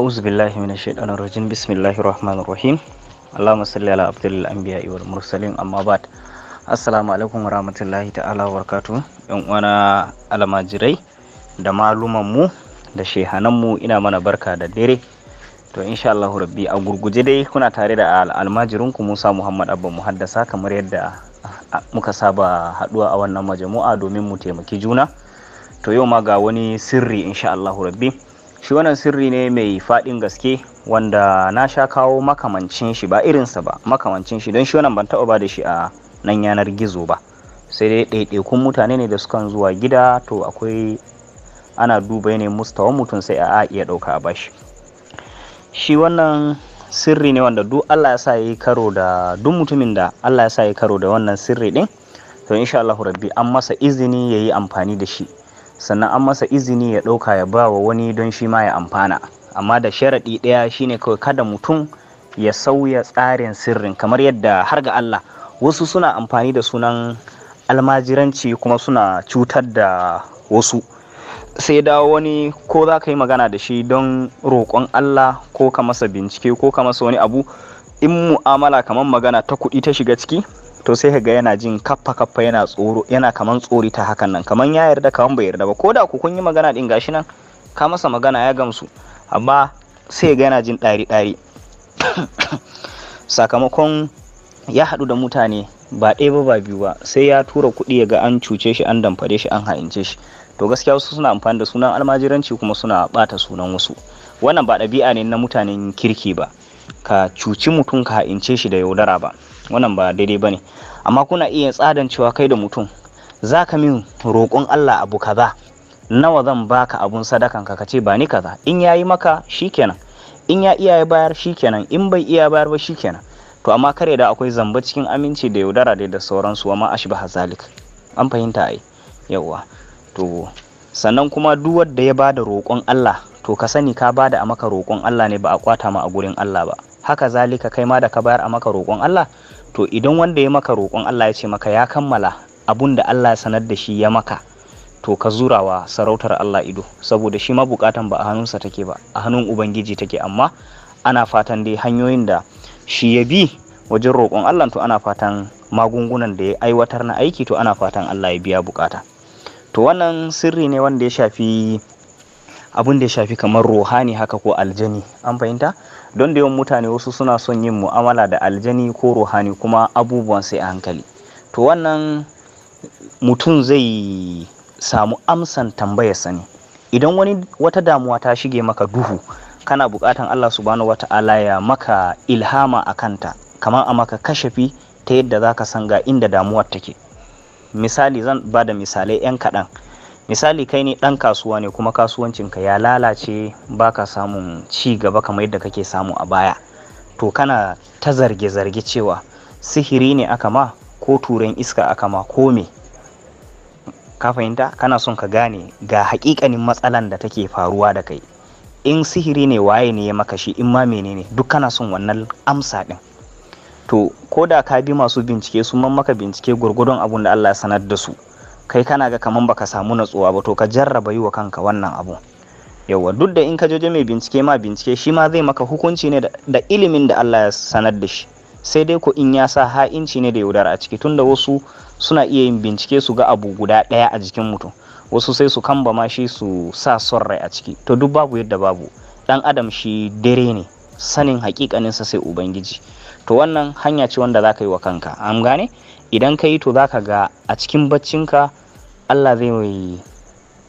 a'udhu billahi minash shaitanir rajim bismillahir rahmanir rahim Allahumma salli ala abdil anbiya wal mursalin amma ba'd assalamu alaikum warahmatullahi ta'ala wabarakatuh yan uwana almajirai da maluman mu da shehanan mu ina mana barka da dare to insha Allah rabbi a gurguje dai kuna tare da almajirin ku Musa Muhammad Abba Muhaddasa kamar yadda muka saba haduwa a wannan majamu'a domin mu taimaki juna to yau ma ga wani sirri insha Allah rabbi shi wannan sirri ne mai faɗin gaske wanda na sha kawo makamancin shi ba irinsa ba makamancin shi don shi wannan ban taɓa ba da shi a nan yanar gizo ba sai dai ɗaiɗaikun mutane ne da sukan zuwa gida to akwai ana duba ne mustawan mutum sai a iya ɗauka a bashi shi wannan sirri ne wanda duk Allah ya sa yi karo da duk mutumin da Allah ya sa yi karo da wannan sirri din to insha Allah rabbi an masa izini yi amfani da shi sannan an masa izini ya ɗauka ya ba wa wani don shi ma ya amfana amma da sharaɗi ɗaya shine kawai kada mutum ya sauya tsarin sirrin kamar yadda har ga Allah wasu suna amfani da sunan almajiranci kuma suna cutar da wasu sai dawo wani ko za ka yi magana da shi don roƙon Allah ko ka masa bincike ko ka masa wani abu in mu'amala kamar magana ta kuɗi ta shiga ciki to sai ga yana jin kaffa kaffa yana tsoro yana kaman tsori ta hakan nan kaman ya yarda kaman bai yarda ba ko da ku kun yi magana din gashi nan ka masa magana ya gamsu amma sai ga yana jin ɗari ɗari sakamakon ya haɗu da mutane ba ɗaya ba ba biyu ba sai ya tura kuɗi ya ga an cuce shi an damfare shi an haince shi to gaskiya wasu suna amfani da sunan almajiranci kuma suna ɓata sunan wasu wannan ba ɗabi'a ne na mutanen kirki ba ka cuci mutum ka ince shi da yaudara ba wannan ba daidai ba ne amma kuna iya tsadan cewa kai da mutum za ka min roƙon allah abu kaza nawa zan baka abun sadakan ka ce ba ni kaza in ya yi maka shikenan in ya iya ya bayar shikenan in bai iya bayar ba shikenan to amma kare da akwai zamba cikin aminci da yaudara da sauransu wa ma ba hazalik an fahimta ai yawwa to sannan kuma duk wanda ya bada roƙon allah to ka sani ka bada a maka roƙon Allah ne ba a kwata ma a gurin Allah ba haka zalika kai ma da ka bayar a maka roƙon Allah to idan wanda ya maka roƙon Allah ya ce maka ya kammala abun da Allah ya sanar da shi ya maka to ka zurawa sarautar Allah ido saboda shi ma bukatan ba a hannunsa take ba a hannun ubangiji take amma ana fatan dai hanyoyin da shi ya bi wajen roƙon Allah to ana fatan magungunan da ya aiwatar na aiki to ana fatan Allah ya biya bukata to wannan sirri ne wanda ya shafi abin da ya shafi kamar ruhani haka ko aljani an fahimta don da yawan mutane wasu suna son yin mu'amala da aljani ko ruhani kuma abubuwan sai a hankali to wannan mutum zai samu amsan tambayar sani idan wani wata damuwa ta shige maka duhu kana bukatan Allah subhanahu wata ya maka ilhama a kanta kamar a maka kashafi ta yadda za ka san ga inda damuwar take misali zan ba da misalai 'yan kaɗan misali kai ne ɗan kasuwa ne kuma kasuwancinka ya lalace baka samun ci gaba kamar yadda kake samu a baya to kana ta zarge-zarge cewa sihiri ne aka ma ko turan iska aka ma ko me ka fahimta kana son ka gane ga hakikanin matsalan da take faruwa da kai in sihiri ne waye ne ya maka shi in ma menene duk kana son wannan amsa din to ko da ka bi masu bincike su man maka bincike gurgudun abun da Allah ya sanar da su kai kana ga kaman baka samu natsuwa ba to ka jarraba yi wa kanka wannan abu yauwa duk da in ka je mai bincike ma bincike shi ma zai maka hukunci ne da ilimin da Allah ya sanar da shi sai dai ko in ya sa ha'inci ne da yaudara a ciki tunda wasu suna iya yin bincike su ga abu guda ɗaya a jikin mutum wasu sai su kamba ma shi su sa son rai a ciki to duk babu yadda babu dan adam shi dare ne sanin sa sai ubangiji to wannan hanya ce wanda zaka yi wa kanka an gane idan ka yi to zaka ga a cikin baccinka Allah zai mai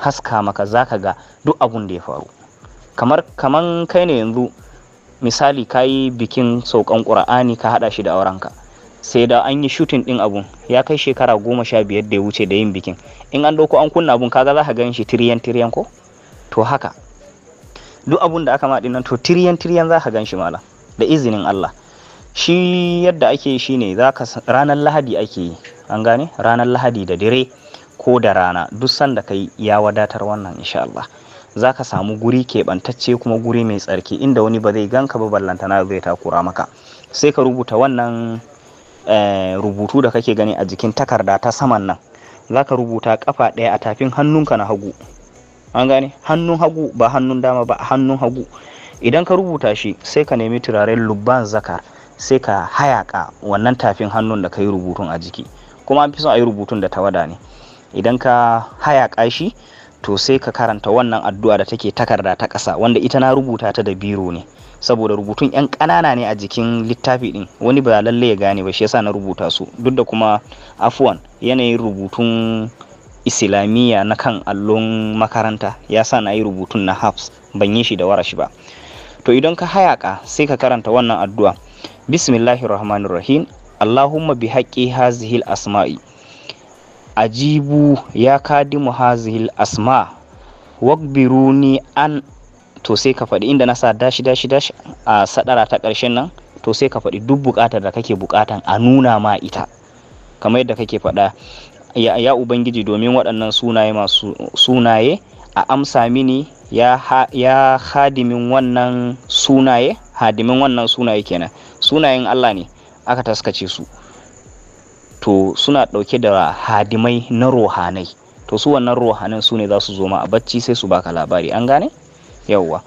haska maka za ka ga duk abun da ya faru kamar kaman kai ne yanzu misali ka yi bikin saukan ƙura'ani ka haɗa shi da aurenka sai da an yi shutin ɗin abun ya kai shekara goma sha biyar da ya wuce da yin bikin in an ɗauko an kunna abun kaga za ka gan shi tiriyan tiriyan ko to haka duk abun da aka ma nan to tiriyan tiriyan za ka gan shi malam da izinin Allah shi yadda ake shi ne ranar lahadi ake yi an gane ranar lahadi da dire ko da rana duk sanda kai ya wadatar wannan insha Allah za ka samu guri keɓantacce kuma guri mai tsarki inda wani ba zai ganka ba ballantana zai takura maka sai ka rubuta wannan eh, rubutu da kake gani a jikin takarda ta saman nan za ka rubuta kafa ɗaya a tafin hannunka na hagu an gane hannun hagu ba hannun dama ba hannun hagu idan ka rubuta shi sai ka nemi turaren lubban zakar sai ka hayaka wannan tafin hannun da ka yi rubutun a jiki kuma an fi son a yi rubutun da ta wada ne idan ka hayaƙa shi to sai ka karanta wannan addu'a da take takarda ta ƙasa wanda ita na rubuta ta da biro ne saboda rubutun yan ƙanana ne a jikin littafi ɗin, wani ba lalle ya gane ba shi yasa na rubuta su duk da kuma afwan yanayin rubutun islamiyya na kan allon makaranta ya sa na yi rubutun na hafs ban yi shi da warashi ba to idan ka hayaƙa sai ka karanta wannan addu'a bismillahir rahmanir rahim allahumma bi haqqi hazihil asma'i ajibu ya kadimu hazihil asma wakbiruni an to sai ka faɗi inda na sa dashi dashi dashi a sadara ta ƙarshen nan to sai ka faɗi duk buƙatar da kake buƙatan a nuna ma ita kamar yadda kake faɗa ya, ubangiji domin waɗannan sunaye masu sunaye a amsa mini ya, ya hadimin wannan sunaye hadimin wannan sunaye kenan sunayen Allah ne aka taskace su to suna ɗauke da hadimai na rohanai to su wannan rohanan su ne za su zo ma a bacci sai su baka labari an gane yawwa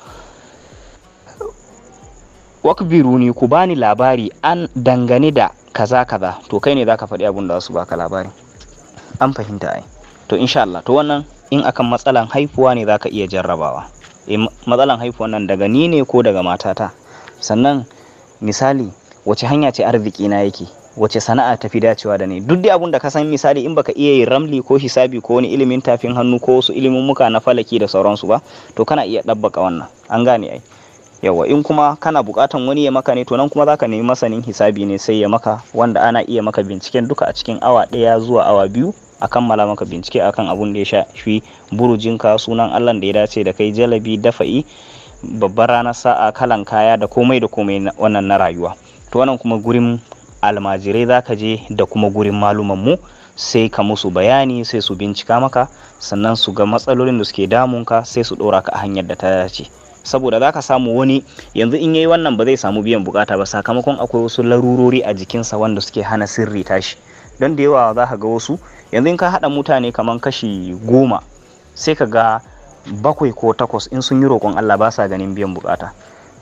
Wakbiru ne ku bani labari an dangane da kaza kaza to kai ne za ka faɗi abin da za su baka labari an fahimta ai to insha Allah to wannan in akan matsalan haifuwa ne za ka iya jarrabawa e, matsalan haifuwa nan daga ni ne ko daga matata sannan misali wace hanya ce arziki na yake wace sana'a ta fi dacewa da ni duk dai abun da ka san misali in baka iya yin ramli ko hisabi ko wani ilimin tafin hannu ko wasu ilimin muka na falaki da sauransu ba to kana iya ɗabbaka wannan an gane ai yawa in kuma kana buƙatan wani ya maka ne to nan kuma zaka nemi masanin hisabi ne sai ya maka wanda ana iya maka binciken duka a cikin awa ɗaya zuwa awa biyu a kammala maka bincike akan abun da ya shafi burujinka sunan allah da ya dace da kai jalabi dafa'i babbar ranar sa'a kalan kaya da komai da komai wannan na rayuwa to wannan kuma gurin almajirai za ka je da kuma gurin malumanmu sai ka musu bayani sai su bincika maka sannan su ga matsalolin da suke damunka sai su ɗora ka a hanyar da ta dace saboda za ka samu wani yanzu in yayi wannan ba zai samu biyan bukata ba sakamakon akwai wasu larurori a jikinsa wanda suke hana sirri tashi don da yawa za ka ga wasu yanzu in ka haɗa mutane kamar kashi goma sai ka ga bakwai ko takwas in sun yi roƙon Allah ba sa ganin biyan bukata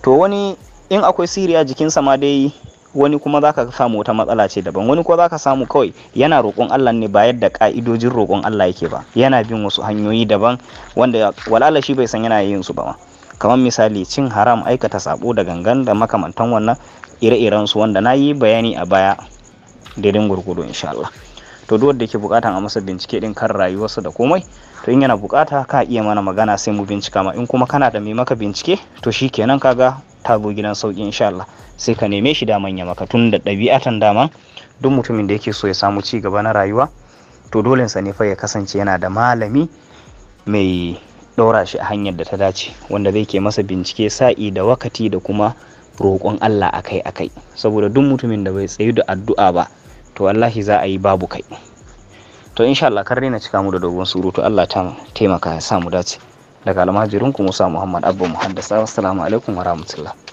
to wani in akwai siriya jikinsa ma dai wani kuma za ka samu wata matsala ce daban wani kuma za ka samu kawai yana roƙon Allah ne ba yadda ka'idojin roƙon Allah yake ba yana bin wasu hanyoyi daban wanda walala shi bai san yana yin su ba ma kamar misali cin haram aikata sabo da gangan da makamantan wannan ire-iren su wanda na yi bayani a baya daidai gurgudu insha Allah to duk wanda yake bukatan a masa bincike din kan rayuwarsa da komai to in yana bukata ka iya mana magana sai mu bincika ma in kuma kana da mai maka bincike to shikenan kaga ta gidan sauki insha Allah sai ka neme shi daman ya maka tun da ɗabi'atan daman duk mutumin da yake so ya samu ci gaba na rayuwa to dole sa ne fa ya kasance yana da malami mai ɗora shi a hanyar da ta dace wanda zai ke masa bincike sa'i da wakati da kuma roƙon Allah akai akai saboda duk mutumin da bai tsayu da addu'a ba to wallahi za a yi babu kai to insha Allah kar na cika mu da dogon surutu Allah ta taimaka ya samu dace daga almajirinku Musa Muhammad Abba Muhaddasa assalamu alaikum wa rahmatullah